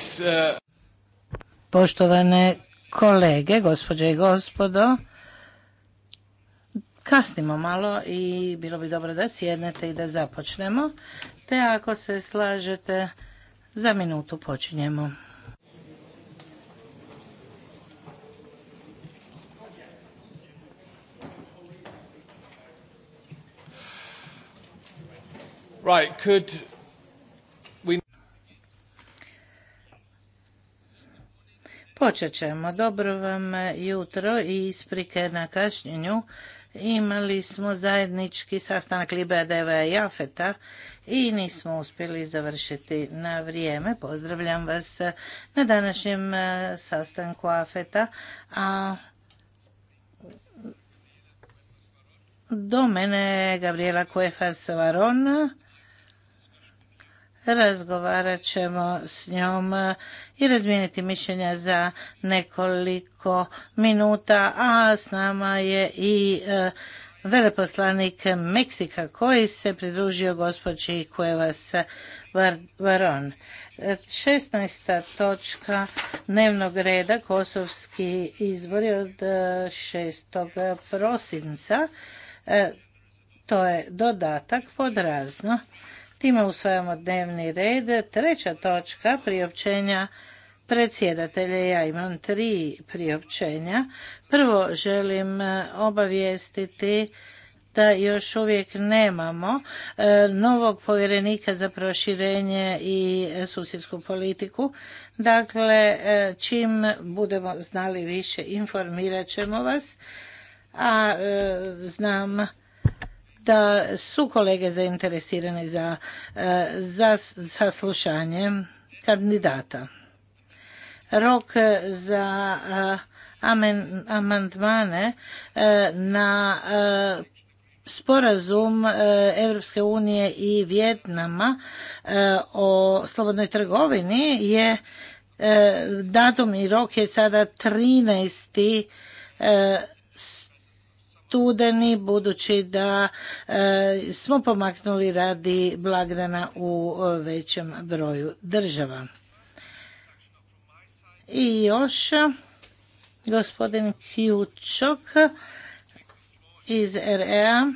Uh, Poštovane kolege, gospođe i gospodo, kasnimo malo i bilo bi dobro da sjednete i da započnemo. Te ako se slažete, za minutu počinjemo. Right, could Počet ćemo. Dobro vam jutro i isprike na kašnjenju. Imali smo zajednički sastanak libera Deva i Afeta i nismo uspjeli završiti na vrijeme. Pozdravljam vas na današnjem e, sastanku Afeta. A do mene je Gabriela Kuefas varona razgovarat ćemo s njom e, i razmijeniti mišljenja za nekoliko minuta, a s nama je i e, veleposlanik Meksika koji se pridružio gospođi Cuevas Varon. 16. točka dnevnog reda Kosovski izbori od 6. E, prosinca. To je dodatak pod razno. Time usvajamo dnevni red. Treća točka priopćenja predsjedatelja. Ja imam tri priopćenja. Prvo želim e, obavijestiti da još uvijek nemamo e, novog povjerenika za proširenje i susjedsku politiku. Dakle, e, čim budemo znali više, informirat ćemo vas. A znam da su kolege zainteresirani e, za, saslušanje kandidata. Rok za e, amandmane e, na sporazum Europske unije i Vjetnama o slobodnoj trgovini je datum i rok je sada 13 studeni budući da e, smo pomaknuli radi blagdana u e, većem broju država. I još gospodin Kjučok iz REA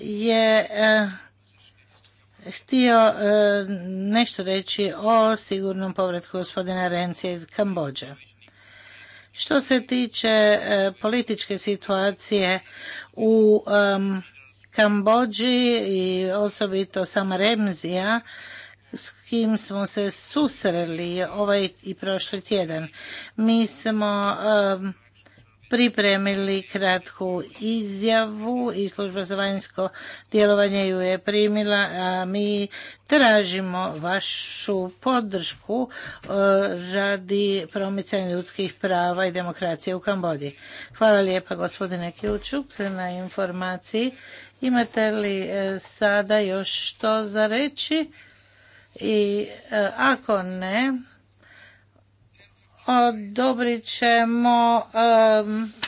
je e, htio nešto reći o sigurnom povratku gospodina Rencija iz Kambođe. Što se tiče e, političke situacije u Kambođi i osobito sama Remzija, s kim smo se susreli ovaj i prošli tjedan. Mi smo pripremili kratku izjavu i služba za vanjsko djelovanje ju je primila, a mi tražimo vašu podršku e, radi promicanja ljudskih prava i demokracije u Kambodji. Hvala lijepa gospodine Kjučuk na informaciji. Imate li e, sada još što za reći? I e, ako ne, odobrit ćemo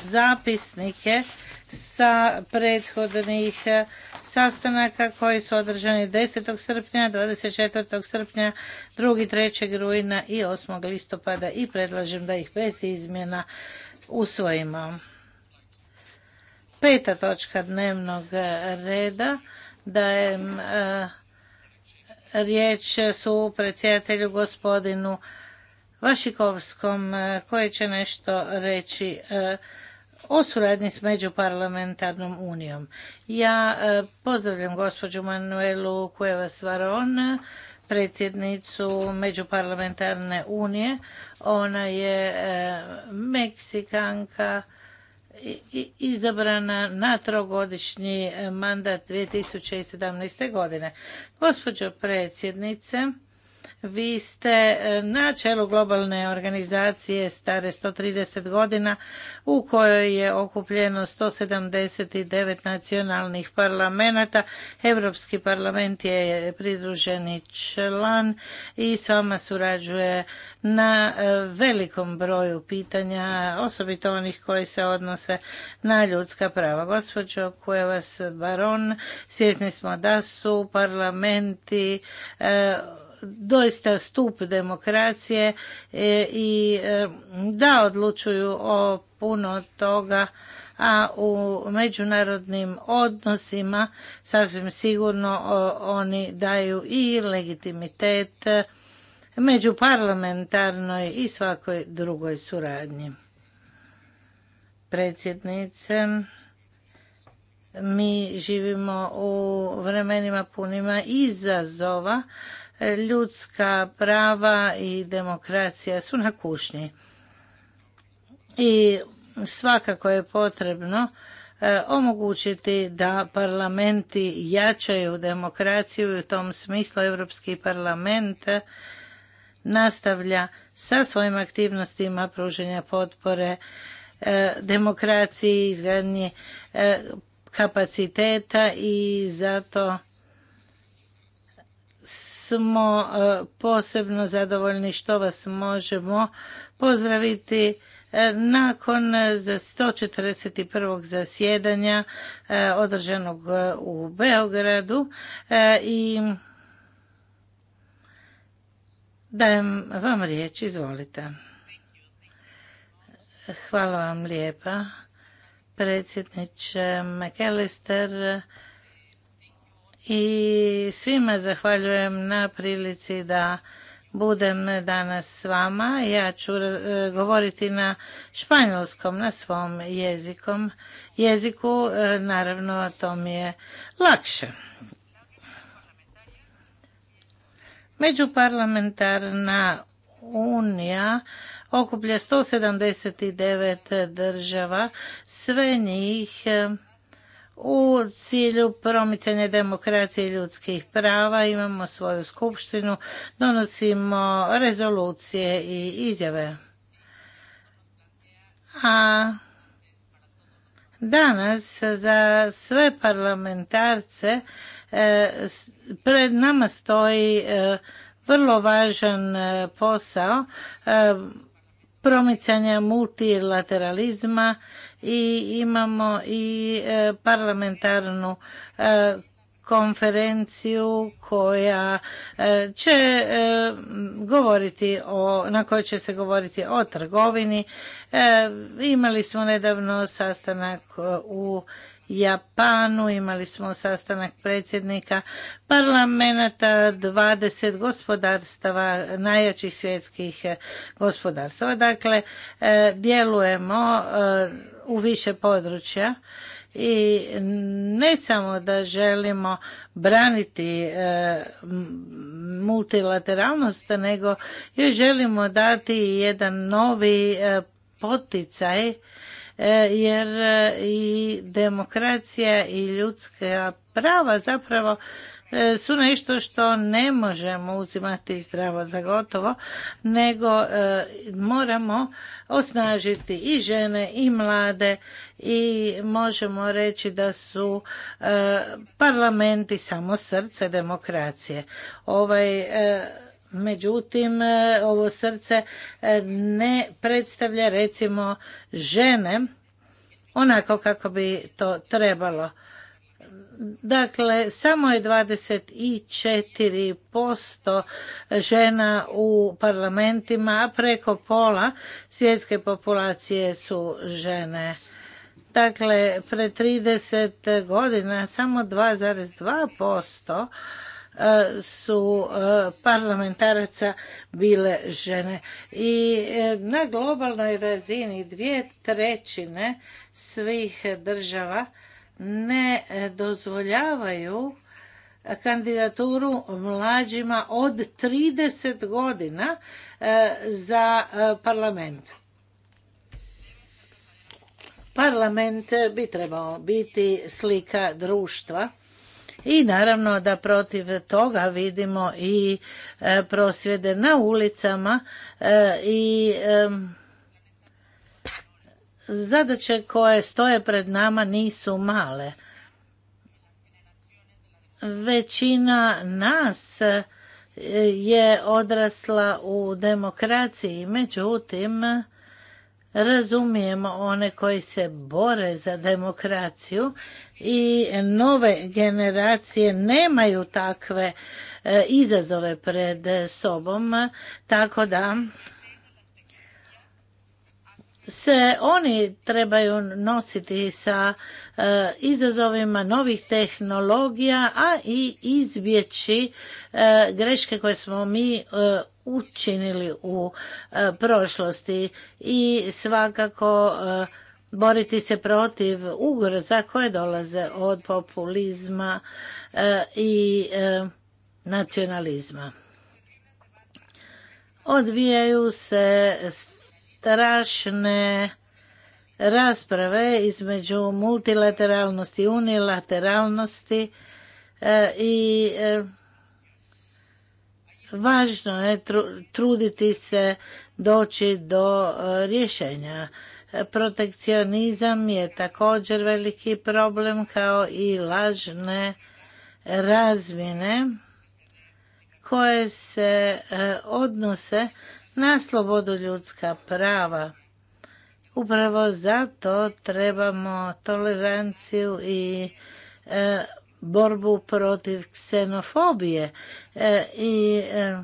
zapisnike sa prethodnih e, sastanaka koji su održani 10. srpnja, 24. srpnja, 2. 3. rujna i 8. listopada i predlažem da ih bez izmjena usvojimo. Peta točka dnevnog reda dajem uh, riječ su predsjedatelju gospodinu Vašikovskom e, koje će nešto reći e, o suradnji s Međuparlamentarnom unijom. Ja e, pozdravljam gospođu Manuelu Cuevas Varon, predsjednicu Međuparlamentarne unije. Ona je Meksikanka izabrana na trogodišnji mandat 2017. godine. Gospođo predsjednice, vi ste e, na čelu globalne organizacije stare 130 godina u kojoj je okupljeno 179 nacionalnih parlamenta. Europski parlament je pridruženi član i s vama surađuje na e, velikom broju pitanja, osobito onih koji se odnose na ljudska prava. Gospođo vas Baron, svjesni smo da su parlamenti e, doista stup demokracije e, i e, da odlučuju o puno toga a u međunarodnim odnosima sasvim sigurno oni daju i legitimitet među parlamentarnoj i svakoj drugoj suradnji. Predsjednice, mi živimo u vremenima punima izazova ljudska prava i demokracija su na kušnji. I svakako je potrebno e, omogućiti da parlamenti jačaju demokraciju i u tom smislu Europski parlament nastavlja sa svojim aktivnostima pruženja potpore e, demokraciji, izgradnji e, kapaciteta i zato smo e, posebno zadovoljni što vas možemo pozdraviti e, nakon 141. E, zasjedanja održanog u Beogradu i dajem vam riječ, izvolite. Hvala vam lijepa, predsjedniče McAllister, i svima zahvaljujem na prilici da budem danas s vama. Ja ću e, govoriti na španjolskom, na svom jezikom. jeziku. E, naravno, to mi je lakše. Međuparlamentarna unija okuplja 179 država. Sve njih e, u cilju promicanja demokracije i ljudskih prava. Imamo svoju skupštinu, donosimo rezolucije i izjave. A danas za sve parlamentarce e, pred nama stoji e, vrlo važan e, posao promicanja multilateralizma i imamo i e, parlamentarnu e, konferenciju koja e, će govoriti o, na kojoj će se govoriti o trgovini. Imali smo nedavno sastanak u Japanu, imali smo sastanak predsjednika parlamenta 20 gospodarstava, najjačih svjetskih gospodarstava. Dakle, djelujemo u više područja i ne samo da želimo braniti e, multilateralnost, nego i želimo dati jedan novi e, poticaj e, jer i demokracija i ljudska prava zapravo E, su nešto što ne možemo uzimati zdravo za gotovo, nego e, moramo osnažiti i žene i mlade i možemo reći da su e, parlamenti samo srce demokracije. Ovaj međutim ovo srce ne predstavlja recimo žene onako kako bi to trebalo Dakle, samo je 24% žena u parlamentima, a preko pola svjetske populacije su žene. Dakle, pre 30 godina samo 2,2% e, su e, parlamentaraca bile žene. I e, na globalnoj razini dvije trećine svih država ne dozvoljavaju kandidaturu mlađima od 30 godina e, za e, parlament. Parlament bi trebao biti slika društva i naravno da protiv toga vidimo i e, prosvjede na ulicama i Zadaće koje stoje pred nama nisu male. Većina nas e, je odrasla u demokraciji, međutim razumijemo one koji se bore za demokraciju i nove generacije nemaju takve e, izazove pred sobom, tako da se oni trebaju nositi sa e, izazovima novih tehnologija, a i izbjeći e, greške koje smo mi e, učinili u prošlosti i svakako boriti se protiv ugroza koje dolaze od populizma i nacionalizma. Odvijaju se strašne rasprave između multilateralnosti e, i unilateralnosti i važno je truditi se doći do e, rješenja. Protekcionizam je također veliki problem kao i lažne razmjene koje se e, odnose na slobodu ljudska prava. Upravo zato trebamo toleranciju i e, borbu protiv ksenofobije e, i e,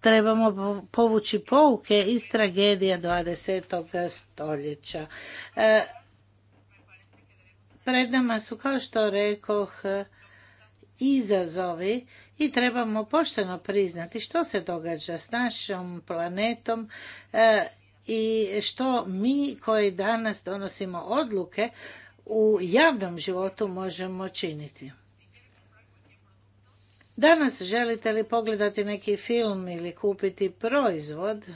trebamo povući pouke iz tragedije 20. stoljeća. Pred nama su, kao što rekoh, izazovi i trebamo pošteno priznati što se događa s našom planetom e, i što mi koji danas donosimo odluke u javnom životu možemo činiti. Danas želite li pogledati neki film ili kupiti proizvod,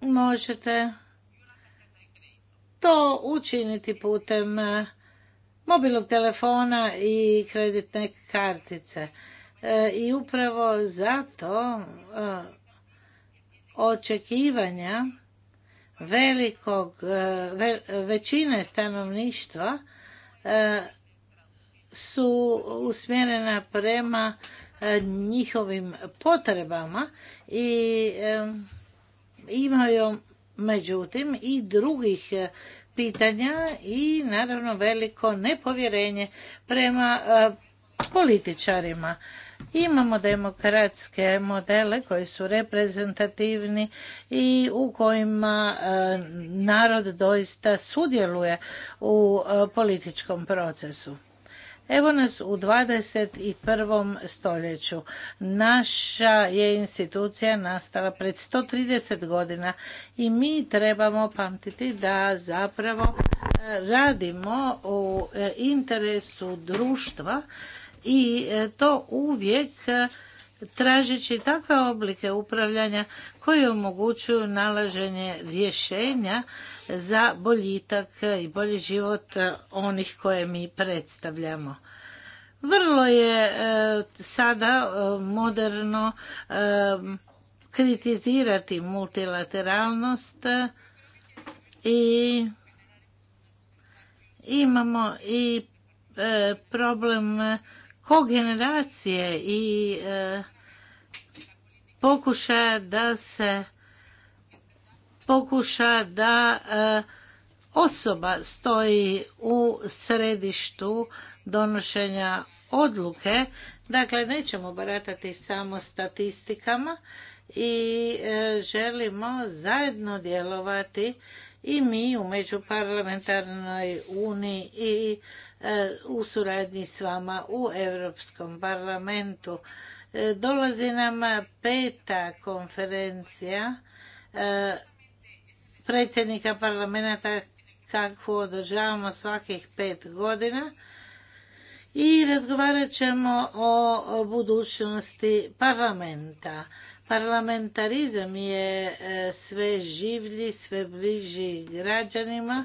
možete to učiniti putem mobilnog telefona i kreditne kartice. E, I upravo zato e, očekivanja velikog, e, većine stanovništva su usmjerena prema njihovim potrebama i imaju međutim i drugih pitanja i naravno veliko nepovjerenje prema e, političarima. Imamo demokratske modele koji su reprezentativni i u kojima e, narod doista sudjeluje u e, političkom procesu. Evo nas u 21. stoljeću. Naša je institucija nastala pred 130 godina i mi trebamo pamtiti da zapravo e, radimo u e, interesu društva i e, to uvijek tražeći takve oblike upravljanja koji omogućuju nalaženje rješenja za boljitak i bolji život onih koje mi predstavljamo. Vrlo je e, sada e, moderno e, kritizirati multilateralnost i imamo i problem kogeneracije i e, da se pokuša da e, osoba stoji u središtu donošenja odluke. Dakle, nećemo baratati samo statistikama i e, želimo zajedno djelovati i mi u Međuparlamentarnoj uniji i e, u suradnji s vama u Europskom parlamentu. E, dolazi nam peta konferencija e, predsjednika parlamenta kakvu održavamo svakih pet godina i razgovarat ćemo o budućnosti parlamenta. Parlamentarizam je e, sve življi, sve bliži građanima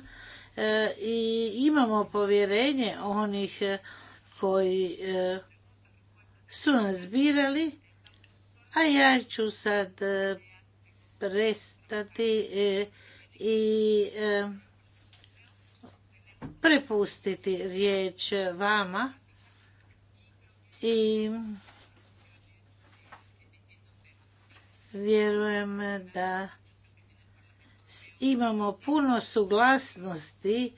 e, i imamo povjerenje onih e, koji su nas birali, a ja ću sad prestati i prepustiti riječ vama i Vjerujem da imamo puno suglasnosti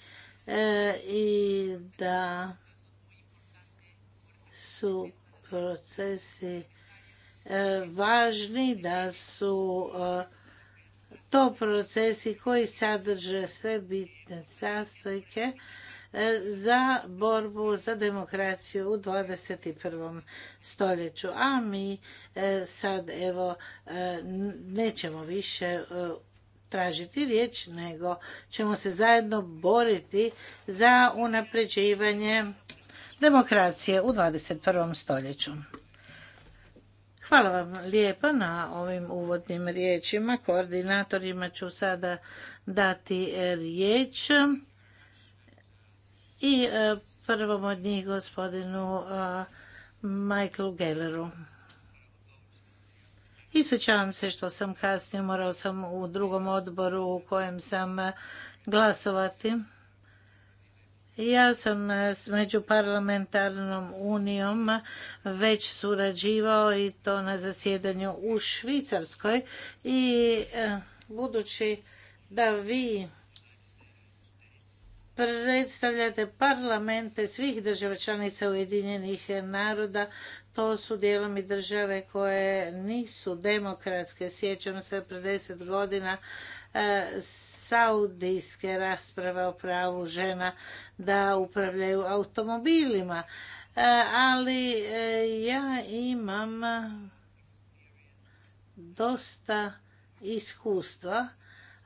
e, i da su procesi e, važni, da su e, to procesi koji sadrže sve bitne sastojke E, za borbu za demokraciju u 21. stoljeću. A mi e, sad evo e, nećemo više tražiti riječ, nego ćemo se zajedno boriti za unapređivanje demokracije u 21. stoljeću. Hvala vam lijepa na ovim uvodnim riječima. Koordinatorima ću sada dati riječ i e, prvom od njih gospodinu e, Michael Gelleru. Ispričavam se što sam kasnije, morao sam u drugom odboru u kojem sam glasovati. Ja sam e, s Međuparlamentarnom unijom već surađivao i to na zasjedanju u Švicarskoj i budući da vi predstavljate parlamente svih država članica Ujedinjenih naroda. To su dijelom i države koje nisu demokratske. Sjećamo se pred deset godina e, saudijske rasprave o pravu žena da upravljaju automobilima. E, ali e, ja imam dosta iskustva,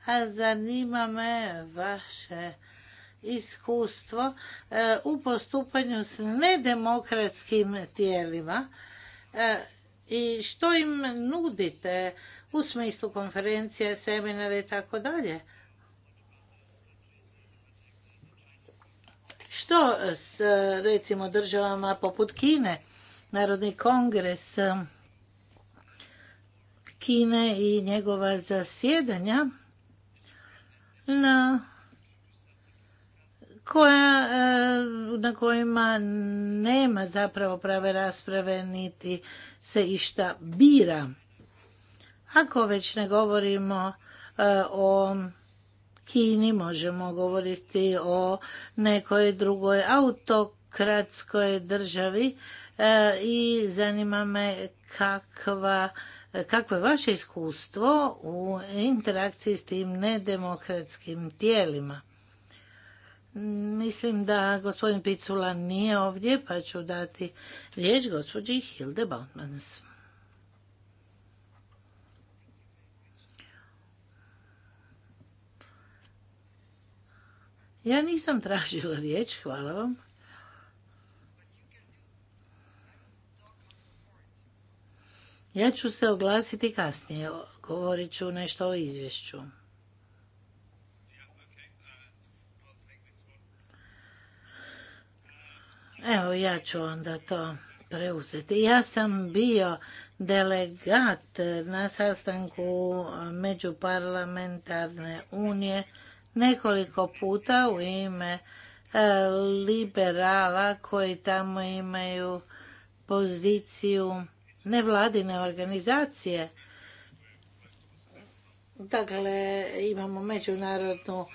a zanima me vaše iskustvo e, u postupanju s nedemokratskim tijelima e, i što im nudite u smislu konferencije, seminara i tako dalje. Što s e, recimo državama poput Kine, Narodni kongres Kine i njegova zasjedanja na koja, e, na kojima nema zapravo prave rasprave niti se išta bira. Ako već ne govorimo e, o Kini, možemo govoriti o nekoj drugoj autokratskoj državi e, i zanima me kakva Kakvo je vaše iskustvo u interakciji s tim nedemokratskim tijelima? Mislim da gospodin Picula nije ovdje, pa ću dati riječ gospođi Hilde Bautmans. Ja nisam tražila riječ, hvala vam. Ja ću se oglasiti kasnije, govorit ću nešto o izvješću. Evo, ja ću onda to preuzeti. Ja sam bio delegat na sastanku Međuparlamentarne unije nekoliko puta u ime e, liberala koji tamo imaju poziciju nevladine organizacije. Dakle, imamo međunarodnu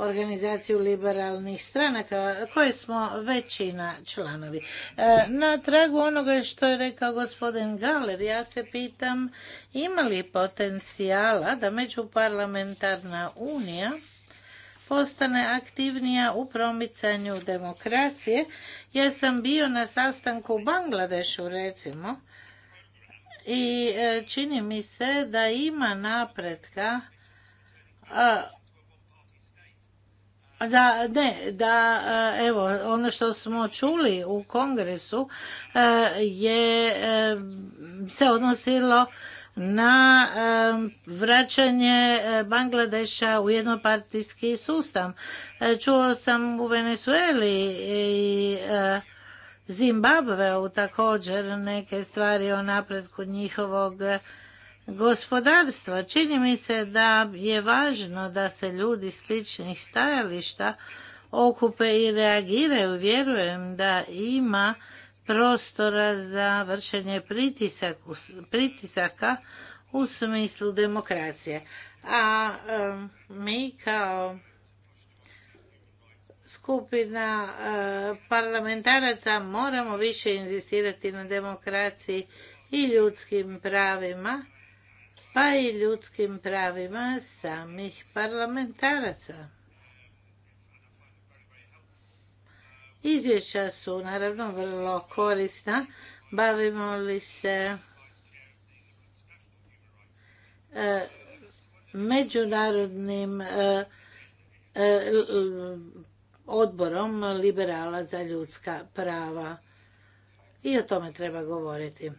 organizaciju liberalnih stranaka koje smo većina članovi. E, na tragu onoga što je rekao gospodin Galer, ja se pitam ima li potencijala da međuparlamentarna unija postane aktivnija u promicanju demokracije. Ja sam bio na sastanku u Bangladešu recimo i e, čini mi se da ima napretka da, ne, da, e, evo, ono što smo čuli u kongresu e, je, e, se odnosilo na vraćanje Bangladeša u jednopartijski sustav. Čuo sam u Venezueli i Zimbabveu također neke stvari o napretku njihovog gospodarstva. Čini mi se da je važno da se ljudi sličnih stajališta okupe i reagiraju. Vjerujem da ima prostora za vršenje pritisaka u smislu demokracije. A mi kao skupina e, parlamentaraca moramo više inzistirati na demokraciji i ljudskim pravima pa i ljudskim pravima samih parlamentaraca. Izvješća su naravno vrlo korisna. Bavimo li se e, međunarodnim e, e, odborom liberala za ljudska prava. I o tome treba govoriti.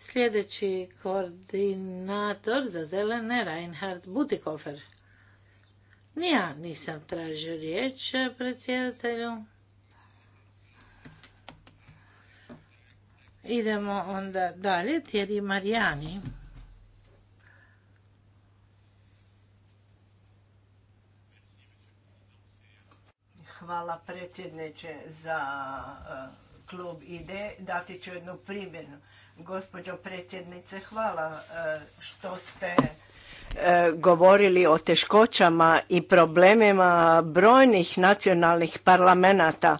Sljedeći koordinator za zelene, Reinhard Butikofer. Ja nisam tražio riječ predsjedatelju. Idemo onda dalje, Tjeri Marijani. Hvala predsjedniče za e, klub IDE. Dati ću jednu primjenu Gospođo predsjednice, hvala e, što ste e, govorili o teškoćama i problemima brojnih nacionalnih parlamenata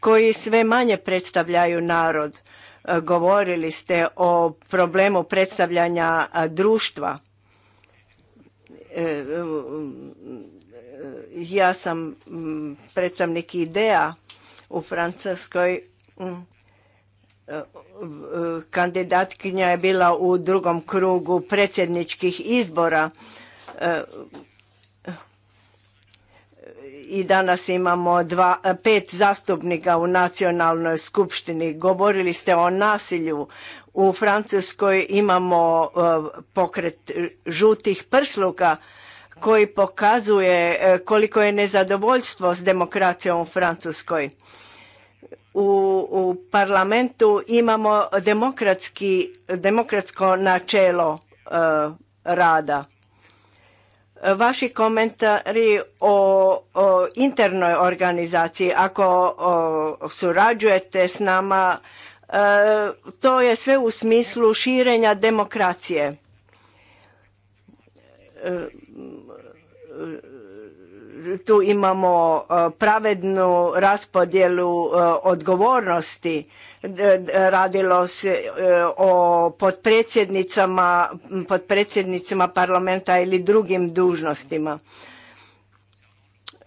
koji sve manje predstavljaju narod. E, govorili ste o problemu predstavljanja društva. Ja sam predstavnik ideja u Francuskoj kandidatkinja je bila u drugom krugu predsjedničkih izbora i danas imamo dva, pet zastupnika u nacionalnoj skupštini. Govorili ste o nasilju. U Francuskoj imamo e, pokret žutih prsluka koji pokazuje e, koliko je nezadovoljstvo s demokracijom u Francuskoj u, parlamentu imamo demokratsko načelo e, rada. Vaši komentari o, internoj organizaciji, ako surađujete s nama, e, to je sve u smislu širenja demokracije. E, tu imamo e, pravednu raspodjelu e, odgovornosti. E, radilo se o potpredsjednicama, potpredsjednicima parlamenta ili drugim dužnostima.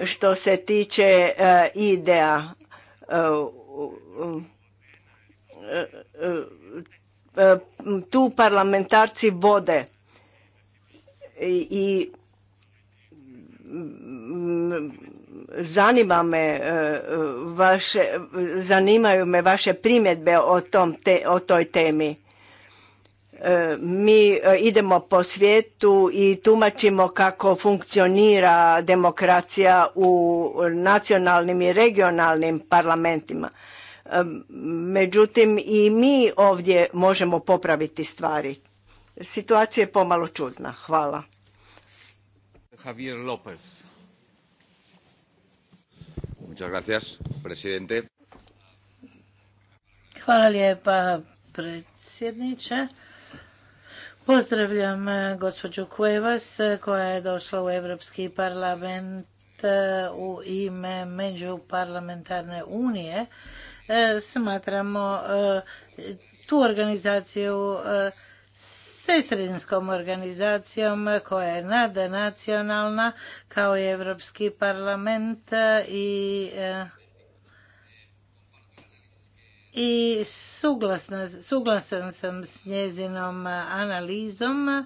Što se tiče ideja tu parlamentarci vode i zanima me e, e, vaše, zanimaju me vaše primjedbe o, tom te, o toj temi. E, mi idemo po svijetu i tumačimo kako funkcionira demokracija u nacionalnim i regionalnim parlamentima. Međutim, i mi ovdje možemo popraviti stvari. Situacija je pomalo čudna. Hvala. Javier Lopez. Hvala lijepa, predsjedniče. Pozdravljam eh, gospođu Cuevas eh, koja je došla u Europski parlament eh, u ime Međuparlamentarne unije. Smatramo tu organizaciju sestrinskom organizacijom koja je nadnacionalna kao i Europski parlament e, i e, i suglasna, suglasan sam s njezinom analizom e,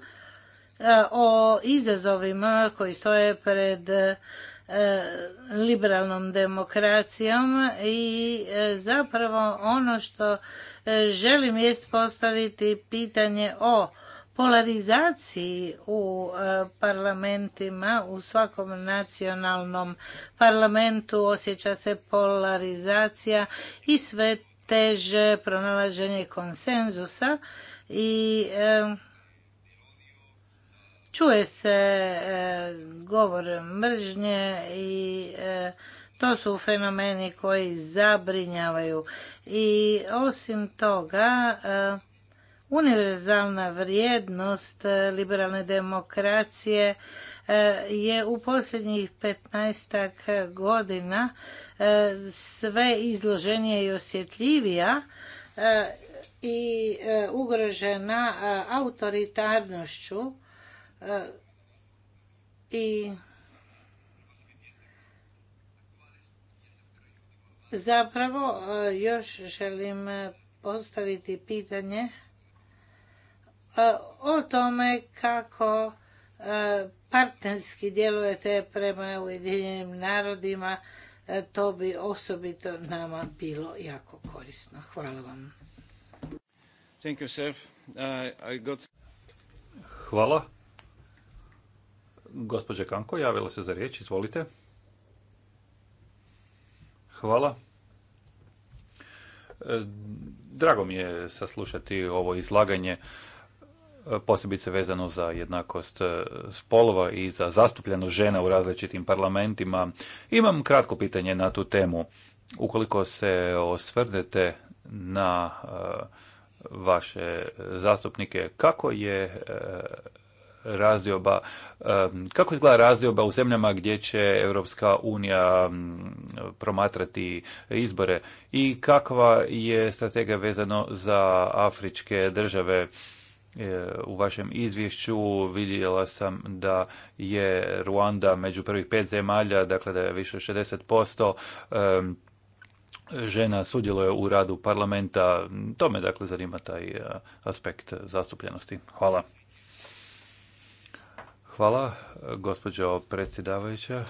o izazovima koji stoje pred liberalnom demokracijom i zapravo ono što E, želim jest postaviti pitanje o polarizaciji u e, parlamentima, u svakom nacionalnom parlamentu osjeća se polarizacija i sve teže pronalaženje konsenzusa i e, čuje se govor mržnje i to su fenomeni koji zabrinjavaju i osim toga e, univerzalna vrijednost e, liberalne demokracije e, je u posljednjih 15 godina sve izloženija i osjetljivija i ugrožena autoritarnošću i Zapravo e, još želim e, postaviti pitanje e, o tome kako partnerski djelujete prema Ujedinjenim narodima. To bi osobito nama bilo jako korisno. Hvala vam. Hvala. Gospođa Kanko, javila se za riječ, izvolite. Hvala. E, drago mi je saslušati ovo izlaganje, e, posebice vezano za jednakost e, spolova i za zastupljenu žena u različitim parlamentima. Imam kratko pitanje na tu temu. Ukoliko se osvrnete na vaše zastupnike, kako je razdioba kako izgleda razdioba u zemljama gdje će Europska unija promatrati izbore i kakva je strategija vezano za afričke države? E, u vašem izvješću vidjela sam da je Ruanda među prvih pet zemalja, dakle da je više 60% žena sudjeluje u radu parlamenta. To me dakle zanima taj eh, aspekt zastupljenosti. Hvala. Hvala, e, gospođo predsjedavajuća. E,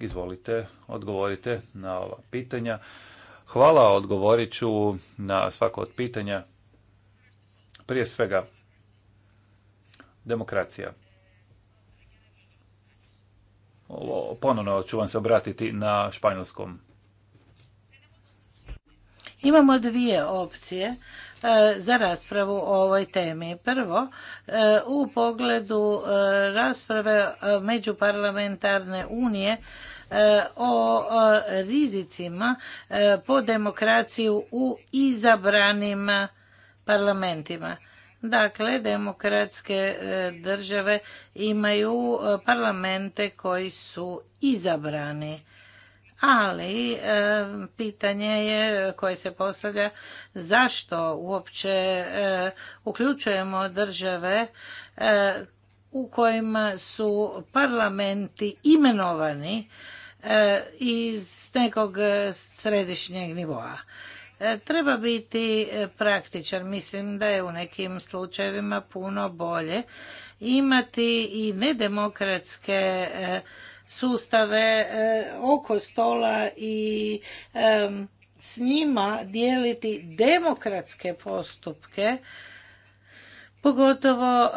izvolite, odgovorite na ova pitanja. Hvala, odgovorit ću na svako od pitanja. Prije svega, demokracija. ponovno ću vam se obratiti na španjolskom. Imamo dvije opcije e, za raspravu o ovoj temi. Prvo, e, u pogledu e, rasprave Međuparlamentarne unije o rizicima po demokraciju u izabranim parlamentima. Dakle, demokratske države imaju parlamente koji su izabrani ali e, pitanje je koje se postavlja zašto uopće e, uključujemo države e, u kojima su parlamenti imenovani iz nekog središnjeg nivoa. Treba biti praktičar mislim da je u nekim slučajevima puno bolje imati i nedemokratske sustave e, oko stola i e, s njima dijeliti demokratske postupke, pogotovo e,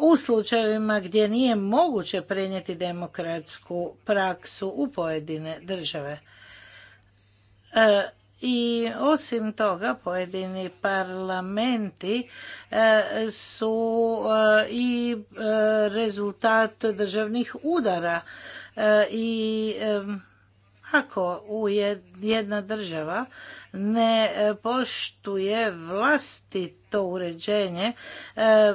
u slučajevima gdje nije moguće prenijeti demokratsku praksu u pojedine države i osim toga pojedini parlamenti e, su e, i e, rezultat državnih udara i ako jedna država ne poštuje vlastito uređenje,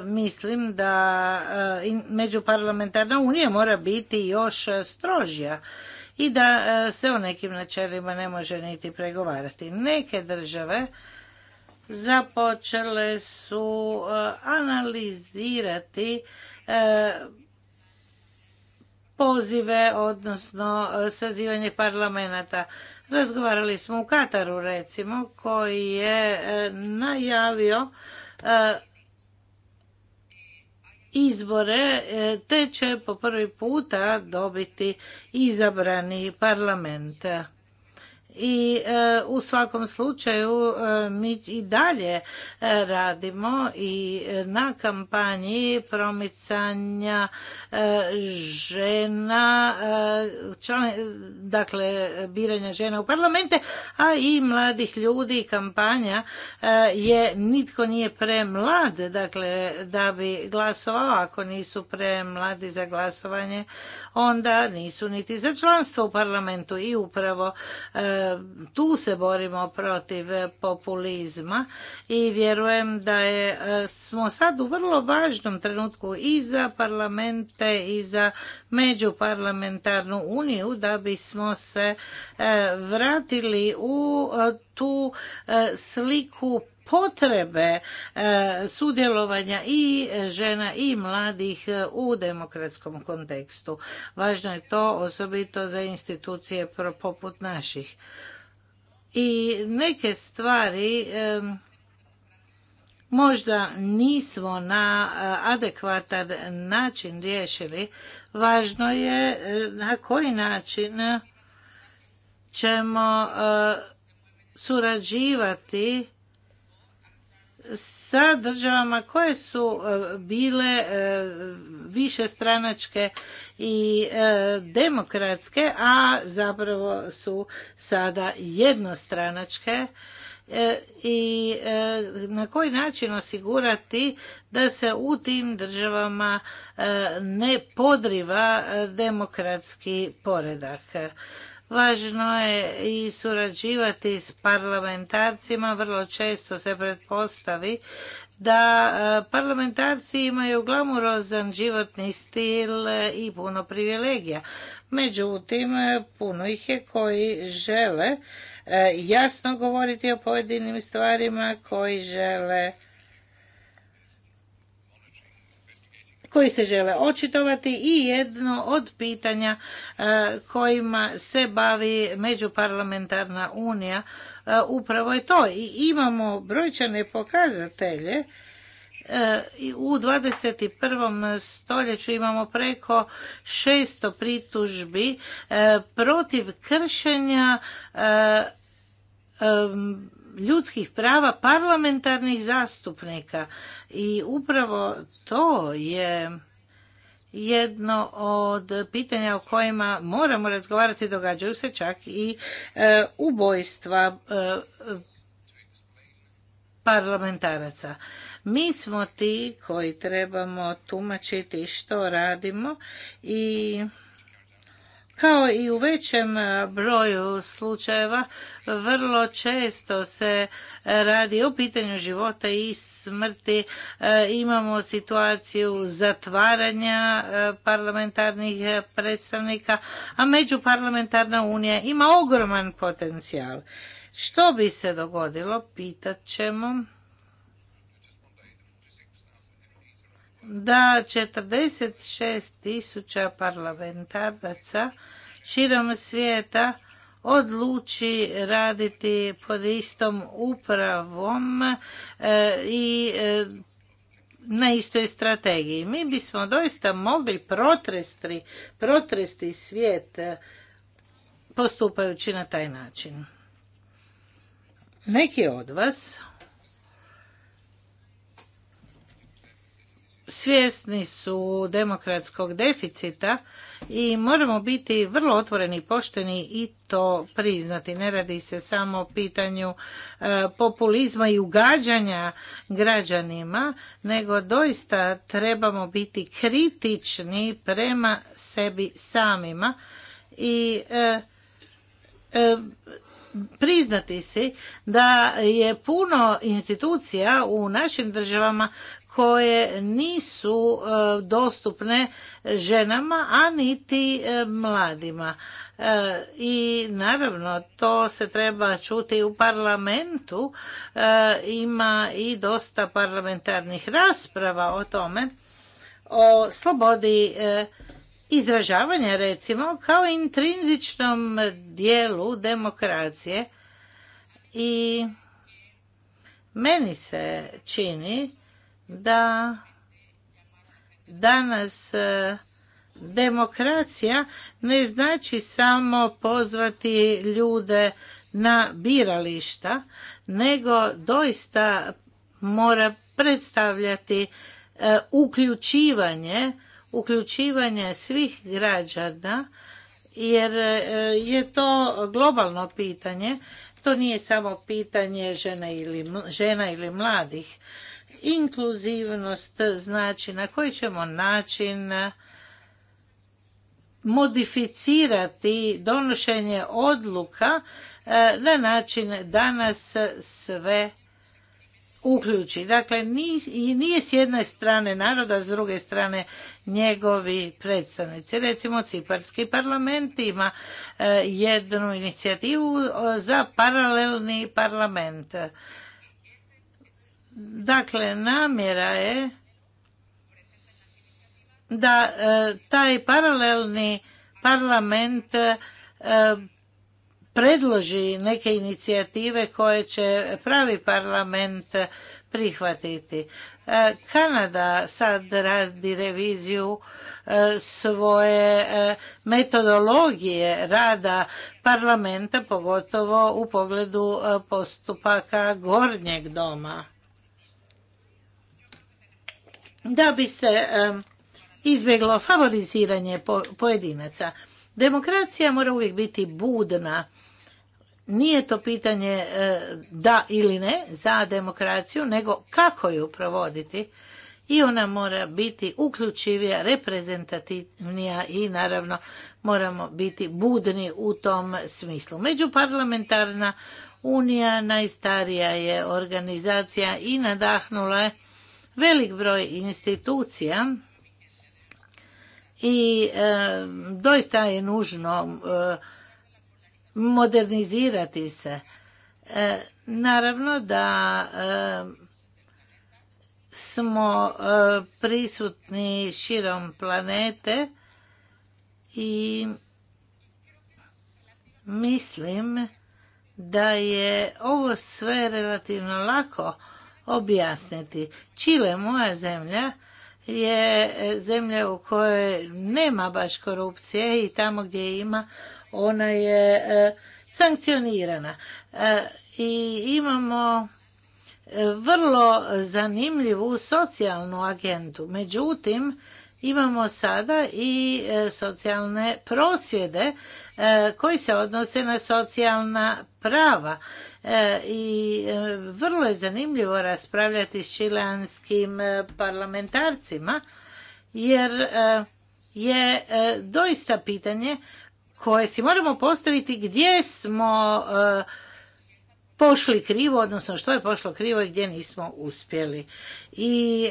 mislim da međuparlamentarna unija mora biti još strožija i da e, se o nekim načelima ne može niti pregovarati. Neke države započele su e, analizirati e, pozive, odnosno sazivanje parlamenta. Razgovarali smo u Kataru, recimo, koji je najavio izbore, e, te će po prvi puta dobiti izabrani parlamenta i e, u svakom slučaju e, mi i dalje e, radimo i na kampanji promicanja žena dakle biranja žena u parlamente a i mladih ljudi kampanja je nitko nije premlad dakle da bi glasovao ako nisu premladi za glasovanje onda nisu niti za članstvo u parlamentu i upravo tu se borimo protiv populizma i vjerujem da e, smo sad u vrlo važnom trenutku i za parlamente i za međuparlamentarnu uniju da bismo se e, vratili u e, tu sliku potrebe e, sudjelovanja i žena i mladih e, u demokratskom kontekstu. Važno je to osobito za institucije poput naših. I neke stvari e, možda nismo na adekvatan način riješili. Važno je na koji način ćemo surađivati sa državama koje su e, bile e, više stranačke i e, demokratske, a zapravo su sada jednostranačke i na koji način osigurati da se u tim državama ne podriva demokratski poredak. Važno je i surađivati s parlamentarcima. Vrlo često se pretpostavi da e, parlamentarci imaju glamurozan životni stil i puno privilegija. Međutim, puno ih je koji žele e, jasno govoriti o pojedinim stvarima, koji žele koji se žele očitovati i jedno od pitanja e, kojima se bavi Međuparlamentarna unija e, upravo je to. I imamo brojčane pokazatelje e, u 21. stoljeću imamo preko 600 pritužbi protiv kršenja ljudskih prava parlamentarnih zastupnika i upravo to je jedno od pitanja o kojima moramo razgovarati događaju se čak i e, ubojstva e, parlamentaraca mi smo ti koji trebamo tumačiti što radimo i kao i u većem e, broju slučajeva, vrlo često se radi o pitanju života i smrti. E, imamo situaciju zatvaranja e, parlamentarnih predstavnika, a međuparlamentarna unija ima ogroman potencijal. Što bi se dogodilo, pitat ćemo da 46 tisuća parlamentaraca širom svijeta odluči raditi pod istom upravom e, i e, na istoj strategiji. Mi bismo doista mogli protresti, protresti svijet e, postupajući na taj način. Neki od vas svjesni su demokratskog deficita i moramo biti vrlo otvoreni i pošteni i to priznati. Ne radi se samo o pitanju e, populizma i ugađanja građanima, nego doista trebamo biti kritični prema sebi samima i e, e, priznati si da je puno institucija u našim državama koje nisu e, dostupne ženama, a niti e, mladima. E, I naravno to se treba čuti u parlamentu. Ima i dosta parlamentarnih rasprava o tome, o slobodi izražavanja recimo kao intrinzičnom dijelu demokracije i meni se čini da danas e, demokracija ne znači samo pozvati ljude na birališta, nego doista mora predstavljati e, uključivanje, uključivanje svih građana jer e, je to globalno pitanje, to nije samo pitanje žena ili, žena ili mladih inkluzivnost znači na koji ćemo način modificirati donošenje odluka e, na način da nas sve uključi. Dakle, nije s jedne strane naroda, s druge strane njegovi predstavnici. Recimo, Ciparski parlament ima e, jednu inicijativu e, za paralelni parlament. Dakle, namjera je da e, taj paralelni parlament e, predloži neke inicijative koje će pravi parlament prihvatiti. E, Kanada sad radi reviziju svoje metodologije rada parlamenta, pogotovo u pogledu postupaka gornjeg doma da bi se izbjeglo favoriziranje pojedinaca. Demokracija mora uvijek biti budna. Nije to pitanje e, da ili ne za demokraciju, nego kako ju provoditi i ona mora biti uključivija, reprezentativnija i naravno moramo biti budni u tom smislu. Međuparlamentarna unija najstarija je organizacija i nadahnula je velik broj institucija i e, doista je nužno e, modernizirati se. E, naravno da smo prisutni širom planete i mislim da je ovo sve relativno lako objasniti. Čile, moja zemlja, je zemlja u kojoj nema baš korupcije i tamo gdje ima ona je e, sankcionirana. E, I imamo e, vrlo zanimljivu socijalnu agendu. Međutim, Imamo sada i e, socijalne prosvjede e, koji se odnose na socijalna prava e, i vrlo je zanimljivo raspravljati s čileanskim parlamentarcima jer je doista pitanje koje si moramo postaviti gdje smo pošli krivo, odnosno što je pošlo krivo i gdje nismo uspjeli. I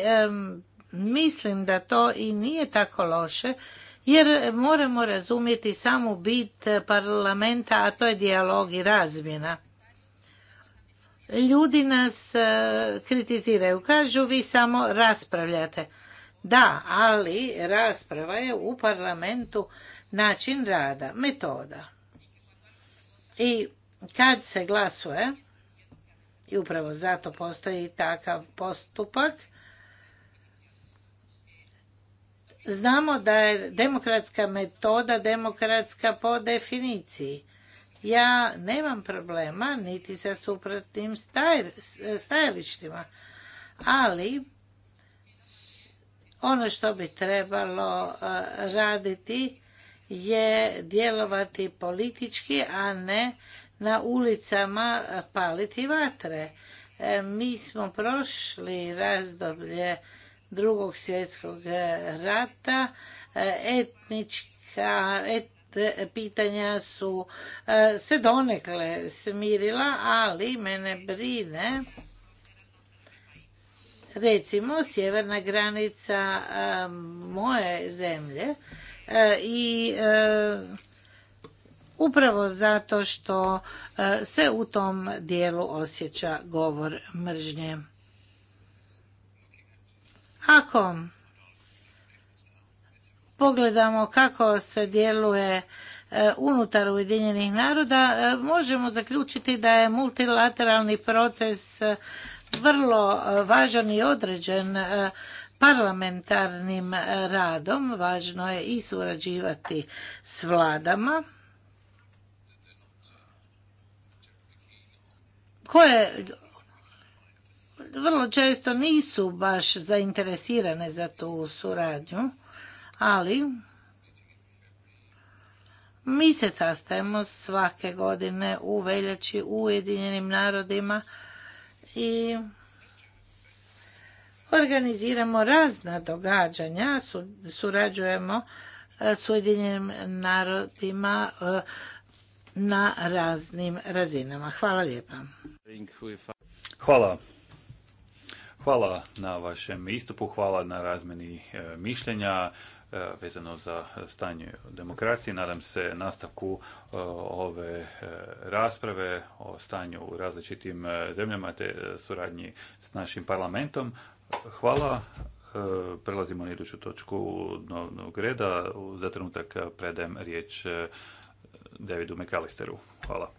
mislim da to i nije tako loše jer moramo razumjeti samu bit parlamenta, a to je dijalog i razmjena. Ljudi nas e, kritiziraju, kažu vi samo raspravljate. Da, ali rasprava je u parlamentu način rada, metoda. I kad se glasuje, i upravo zato postoji takav postupak, Znamo da je demokratska metoda demokratska po definiciji. Ja nemam problema niti sa suprotnim stajalištima, ali ono što bi trebalo e, raditi je djelovati politički, a ne na ulicama paliti vatre. E, mi smo prošli razdoblje drugog svjetskog e, rata e, etnička et, pitanja su e, se donekle smirila ali mene brine recimo sjeverna granica moje zemlje i upravo zato što se u tom dijelu osjeća govor mržnje ako pogledamo kako se djeluje e, unutar Ujedinjenih naroda, e, možemo zaključiti da je multilateralni proces e, vrlo važan i određen parlamentarnim radom. Važno je i surađivati s vladama. koje vrlo često nisu baš zainteresirane za tu suradnju, ali mi se sastajemo svake godine u veljači u Ujedinjenim narodima i organiziramo razna događanja, surađujemo e, s Ujedinjenim narodima e, na raznim razinama. Hvala lijepa. Hvala. Hvala na vašem istupu, hvala na razmeni e, mišljenja e, vezano za stanje demokracije. Nadam se nastavku e, ove rasprave o stanju u različitim zemljama te suradnji s našim parlamentom. Hvala. Prelazimo na iduću točku dnevnog reda. Za trenutak predajem riječ Davidu McAllisteru. Hvala.